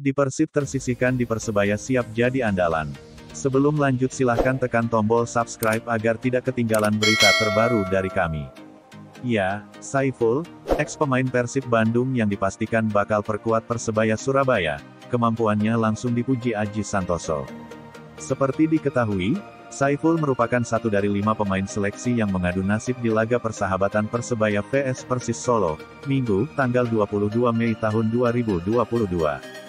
Di Persib tersisihkan di Persebaya siap jadi andalan. Sebelum lanjut silahkan tekan tombol subscribe agar tidak ketinggalan berita terbaru dari kami. Ya, Saiful, ex-pemain Persib Bandung yang dipastikan bakal perkuat Persebaya Surabaya, kemampuannya langsung dipuji Aji Santoso. Seperti diketahui, Saiful merupakan satu dari lima pemain seleksi yang mengadu nasib di laga persahabatan Persebaya vs Persis Solo, Minggu, tanggal 22 Mei tahun 2022.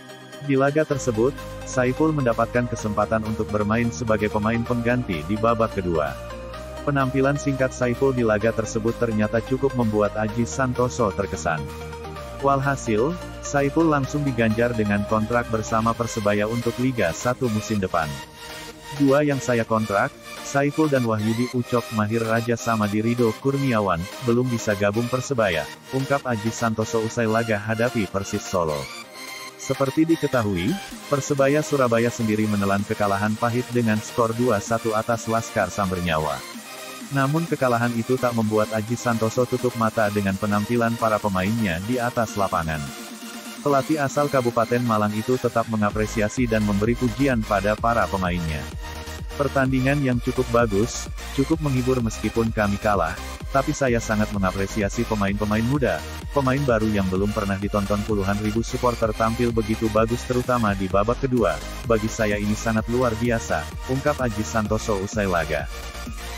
Di laga tersebut, Saiful mendapatkan kesempatan untuk bermain sebagai pemain pengganti di babak kedua. Penampilan singkat Saiful di laga tersebut ternyata cukup membuat Aji Santoso terkesan. Walhasil, Saiful langsung diganjar dengan kontrak bersama Persebaya untuk Liga 1 musim depan. Dua yang saya kontrak, Saiful dan Wahyudi Ucok Mahir Raja sama di Rido Kurniawan, belum bisa gabung Persebaya, ungkap Aji Santoso usai laga hadapi Persis Solo. Seperti diketahui, Persebaya Surabaya sendiri menelan kekalahan pahit dengan skor 2-1 atas Laskar Sambernyawa. Namun kekalahan itu tak membuat Aji Santoso tutup mata dengan penampilan para pemainnya di atas lapangan. Pelatih asal Kabupaten Malang itu tetap mengapresiasi dan memberi pujian pada para pemainnya. Pertandingan yang cukup bagus, cukup menghibur meskipun kami kalah, tapi saya sangat mengapresiasi pemain-pemain muda, pemain baru yang belum pernah ditonton puluhan ribu supporter tampil begitu bagus terutama di babak kedua. Bagi saya ini sangat luar biasa, ungkap Aji Santoso usai laga.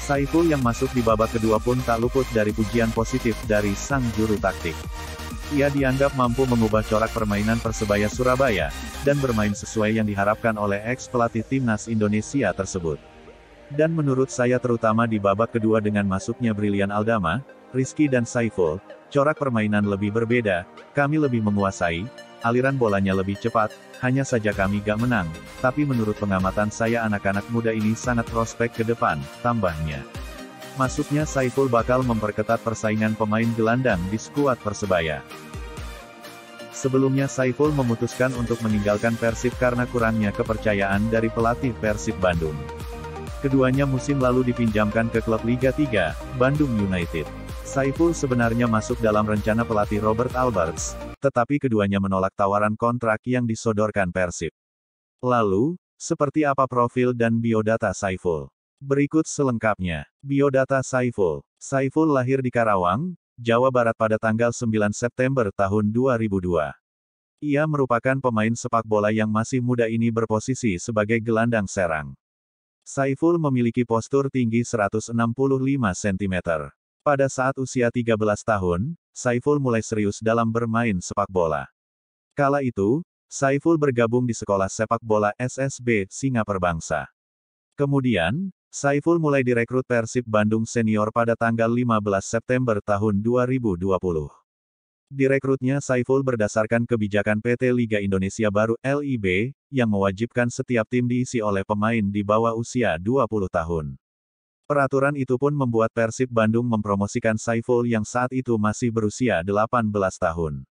Saiful yang masuk di babak kedua pun tak luput dari pujian positif dari sang juru taktik. Ia dianggap mampu mengubah corak permainan Persebaya Surabaya, dan bermain sesuai yang diharapkan oleh eks pelatih timnas Indonesia tersebut. Dan menurut saya terutama di babak kedua dengan masuknya Brilian Aldama, Rizky dan Saiful, corak permainan lebih berbeda, kami lebih menguasai, aliran bolanya lebih cepat, hanya saja kami gak menang, tapi menurut pengamatan saya anak-anak muda ini sangat prospek ke depan, tambahnya. Masuknya Saiful bakal memperketat persaingan pemain gelandang di skuad Persebaya. Sebelumnya Saiful memutuskan untuk meninggalkan Persib karena kurangnya kepercayaan dari pelatih Persib Bandung. Keduanya musim lalu dipinjamkan ke klub Liga 3, Bandung United. Saiful sebenarnya masuk dalam rencana pelatih Robert Alberts, tetapi keduanya menolak tawaran kontrak yang disodorkan Persib. Lalu, seperti apa profil dan biodata Saiful? Berikut selengkapnya. Biodata Saiful. Saiful lahir di Karawang, Jawa Barat pada tanggal 9 September tahun 2002. Ia merupakan pemain sepak bola yang masih muda ini berposisi sebagai gelandang serang. Saiful memiliki postur tinggi 165 cm. Pada saat usia 13 tahun, Saiful mulai serius dalam bermain sepak bola. Kala itu, Saiful bergabung di sekolah sepak bola SSB Singapura Bangsa. Kemudian, Saiful mulai direkrut Persib Bandung Senior pada tanggal 15 September tahun 2020. Direkrutnya Saiful berdasarkan kebijakan PT Liga Indonesia Baru LIB, yang mewajibkan setiap tim diisi oleh pemain di bawah usia 20 tahun. Peraturan itu pun membuat Persib Bandung mempromosikan Saiful yang saat itu masih berusia 18 tahun.